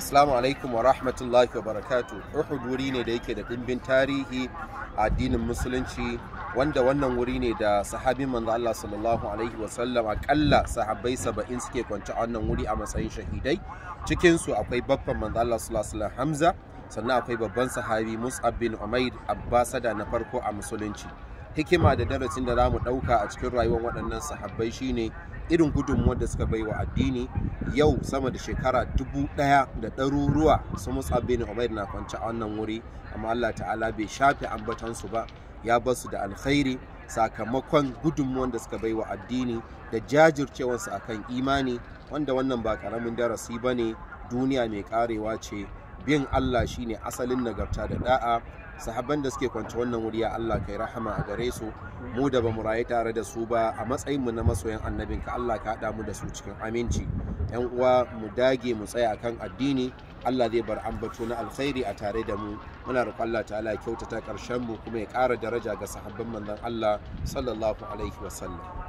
Assalamu alaikum wa rahmatullahi wa barakatu. Uhud wuri ne da yake da ɗimbin tarihi a addinin musulunci wanda wannan wuri ne da sahabin manzo Allah sallallahu alaihi wa sallam akalla sahabbai saba'in suke kwanci a wannan wuri a matsayin shahidai Cikinsu akwai babban manzo Allah sallallahu alaihi wa sallam Hamza sannan akwai babban sahabi Mus'ab bin Umair Abbasada na farko a musulunci. hikima da darasin da za mu ɗauka a cikin rayuwar waɗannan sahabbai shine irin gudunmuwar da suka bai wa addini yau sama da shekara dubu ɗaya da ɗaruruwa su musa bin na kwance a wannan wuri amma allah ta'ala bai shafe ambatansu ba ya basu da alkhairi sakamakon gudunmuwan da suka bai wa addini da jajircewarsu akan imani wanda wannan ba karamin darasi ba ne duniya mai karewa ce bin Allah shine asalin nagarta da da'a sahabban da suke kwanci wannan wuri ya Allah kai rahama a gare su mu da bamu rayu tare da su ba a matsayin mu na masoyan annabin ka Allah ka haɗa mu da su cikin aminci yan uwa mu dage mu tsaya kan addini Allah zai bar ambato na alkhairi a tare da mu muna roƙon Allah ta'ala ala kyautata karshen mu kuma ya ƙara daraja ga sahabban manzon Allah sallallahu alaihi wasallam